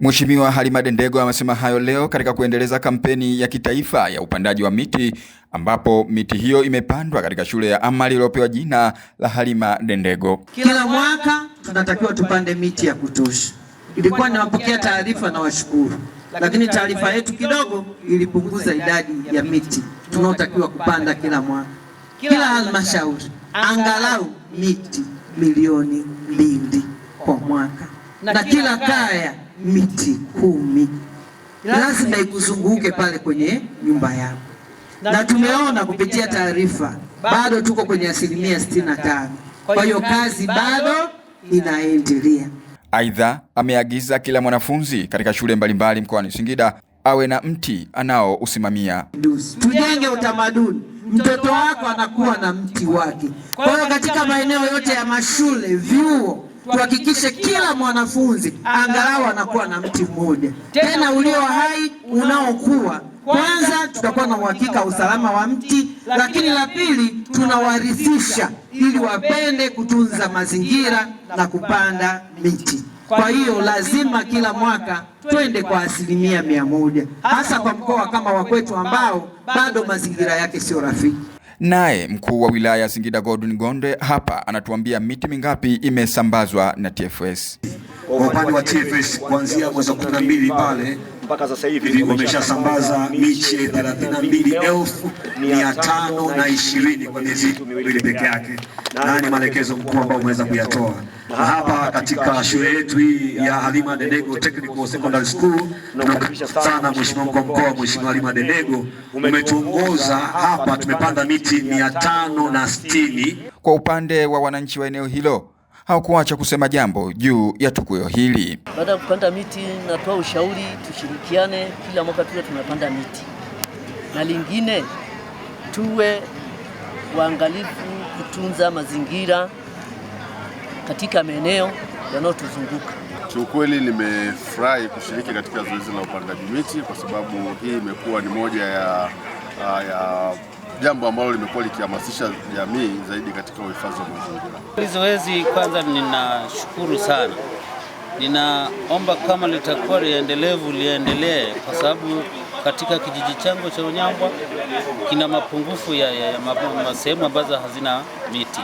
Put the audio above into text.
Mheshimiwa Halima Dendego amesema hayo leo katika kuendeleza kampeni ya kitaifa ya upandaji wa miti ambapo miti hiyo imepandwa katika shule ya amali iliyopewa jina la Halima Dendego. Kila mwaka tunatakiwa tupande miti ya kutosha. Ilikuwa ninawapokea taarifa na washukuru, lakini taarifa yetu kidogo ilipunguza idadi ya miti tunaotakiwa kupanda kila mwaka. Kila halmashauri angalau miti milioni mbili kwa mwaka na kila kaya miti kumi lazima ikuzunguke pale kwenye nyumba yako, na tumeona kupitia taarifa bado tuko kwenye asilimia 65. Kwa hiyo kazi bado inaendelea. Aidha, ameagiza kila mwanafunzi katika shule mbalimbali mkoani Singida awe na mti anaousimamia. Tujenge utamaduni, mtoto wako anakuwa na mti wake. Kwa hiyo katika maeneo yote ya mashule, vyuo tuhakikishe kila mwanafunzi angalau anakuwa na mti mmoja, tena ulio hai unaokuwa. Kwanza tutakuwa na uhakika usalama wa mti, lakini la pili tunawarithisha ili wapende kutunza mazingira na kupanda miti. Kwa hiyo lazima kila mwaka twende kwa asilimia mia moja, hasa kwa mkoa kama wa kwetu ambao bado mazingira yake sio rafiki. Naye mkuu wa wilaya ya Singida Godwin gonde hapa anatuambia miti mingapi imesambazwa na TFS kwa upande wa TFS kuanzia mwezi wa 12 pale mpaka sasa hivi wameshasambaza miche 32,520 kwa miezi miwili peke yake, na ni maelekezo mkuu ambao umeweza kuyatoa na hapa katika shule yetu hii ya Halima Dendego Technical Secondary School. Tunakushukuru sana mheshimiwa mkuu wa mkoa, mheshimiwa Halima Dendego, umetuongoza hapa, tumepanda miti 560 kwa upande wa wananchi wa eneo hilo hawakuacha kusema jambo juu ya tukio hili. Baada ya kupanda miti, natoa ushauri tushirikiane, kila mwaka tuwe tunapanda miti, na lingine tuwe waangalifu kutunza mazingira katika maeneo yanayotuzunguka. Kiukweli nimefurahi kushiriki katika zoezi la upandaji miti kwa sababu hii imekuwa ni moja ya, ya jambo ambalo limekuwa likihamasisha jamii zaidi katika uhifadhi wa mazingira. Hili zoezi kwanza, ninashukuru sana, ninaomba kama litakuwa liendelevu liendelee, kwa sababu katika kijiji changu cha Unyambwa kina mapungufu ya, ya, ya, sehemu ambazo hazina miti.